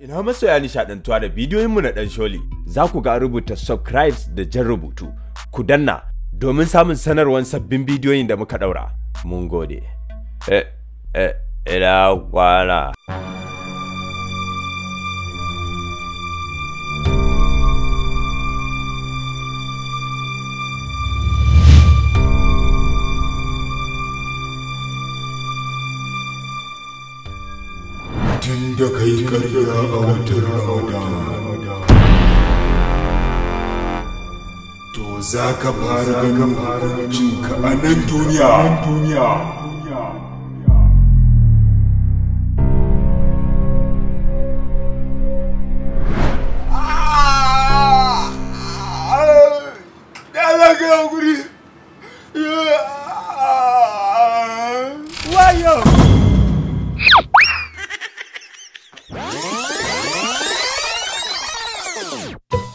Ina masoya nishaɗantuwa da bidiyoyinmu na ɗan sholi, za ku ga rubuta subscribes da jan rubutu, ku danna domin samun sanarwar sabbin bidiyoyin da muka ɗaura. Mun gode. Eh, eh, ina kwana. da kai karya a watan Ramadan. To za ka fara ganin hukuncinka a nan duniya. you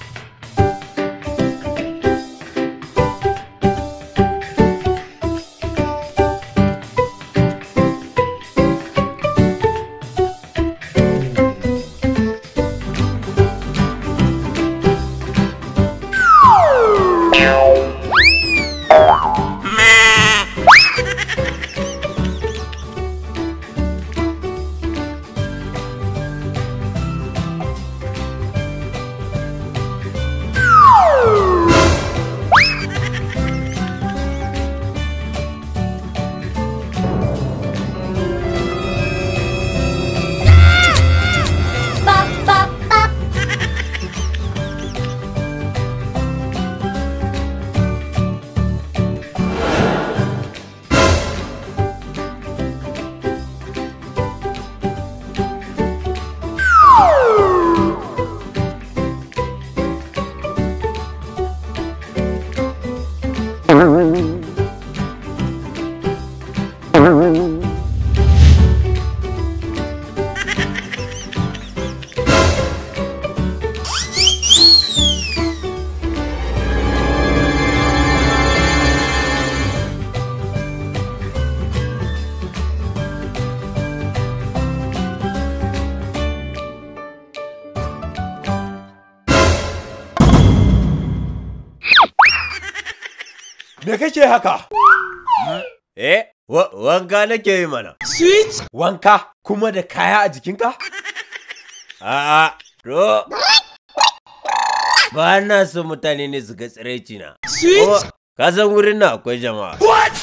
Me kake haka? Eh, wanka nake yi mana. Sweet! Wanka kuma da kaya a jikinka? A'a, to. Ba na so mutane ne su ga na. Sweet! Oh, ka san wurin na akwai jama'a. What?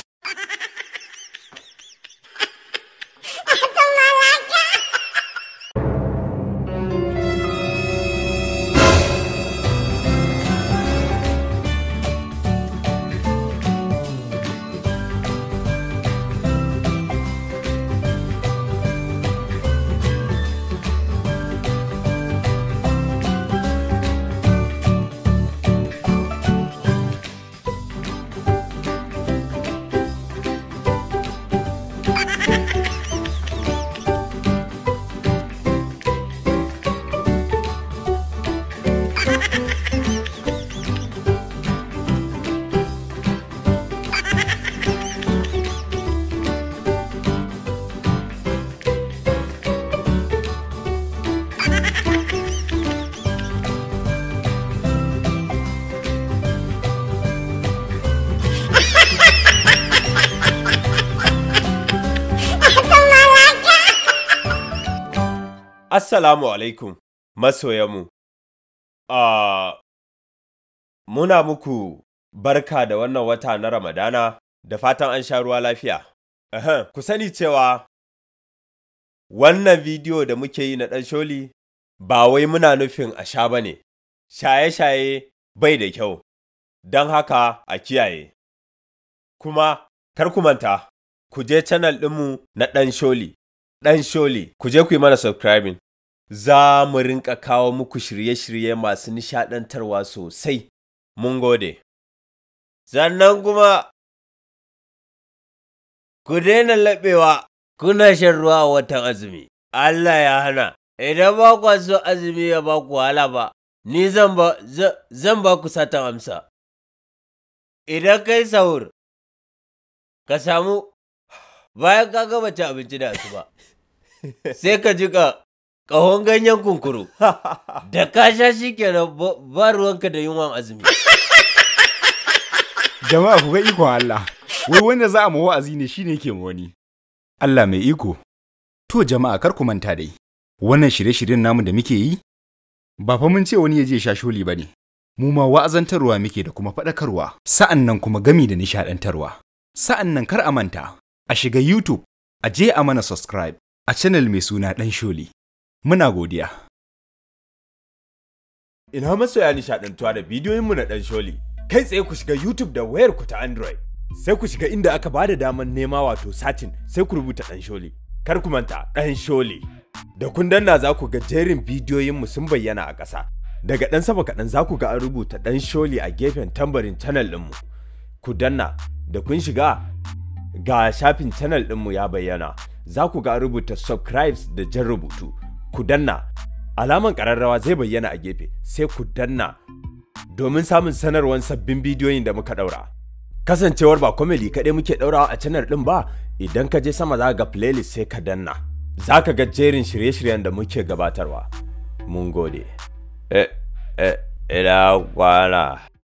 Assalamu alaikum, masoyanmu. A muna muku barka da wannan wata na Ramadana da fatan an sha ruwa lafiya. Ku sani cewa wannan bidiyo da muke yi na ɗan sholi ba wai muna nufin a sha ba ne, shaye-shaye bai da kyau, don haka a kiyaye. Kuma, kar ku manta, ku je canal ɗinmu na ɗan sholi. ɗan sholi ku je ku yi mana subscribing za mu rinka kawo muku shirye-shirye masu nishaɗantarwa sosai mun gode sannan kuma ku daina laɓewa kuna shan ruwa a watan azumi Allah ya hana idan ba ku so azumi ya ba ku wahala ba ni zan ba zan ku satan amsa idan kai saur ka samu bayan ka gama ci abinci da su ba sai ka jika ƙahon ganyen kunkuru da ka sha shi kenan ba ruwanka da yunwan azumi jama'a ku ga ikon Allah wai wanda za a ma wa'azi ne shine ke wani Allah mai iko to jama'a kar ku manta dai wannan shirye-shiryen namu da muke yi ba fa mun ce wani ya je sha ba ne. mu ma wa'azantarwa muke da kuma faɗakarwa sa'an nan kuma gami da nishaɗantarwa sa'an nan kar a manta a shiga YouTube, a je a mana subscribe a channel mai suna ɗan sholi. Muna godiya. Ina masoya nishaɗantuwa da bidiyoyinmu na ɗan sholi, kai tsaye ku shiga YouTube da wayar ku ta Android. Sai ku shiga inda aka bada daman nema wato satin sai ku rubuta ɗan sholi. Kar ku manta ɗan sholi. Da kun danna za ku ga jerin bidiyoyinmu sun bayyana a ƙasa. Daga ɗan sama kaɗan za ku ga an rubuta ɗan sholi a gefen tambarin channel ɗinmu. Ku danna da kun shiga ga shafin channel ɗinmu ya bayyana za ku ga rubuta subscribes da jan rubutu ku danna alaman ƙararrawa zai bayyana a gefe sai ku danna domin samun sanarwar sabbin bidiyoyin da muka ɗaura kasancewar ba komedi kaɗai muke ɗaurawa a channel ɗin ba idan ka je sama za ga playlist sai ka danna za ka ga jerin shirye-shiryen da muke gabatarwa mun gode eh eh ila kwana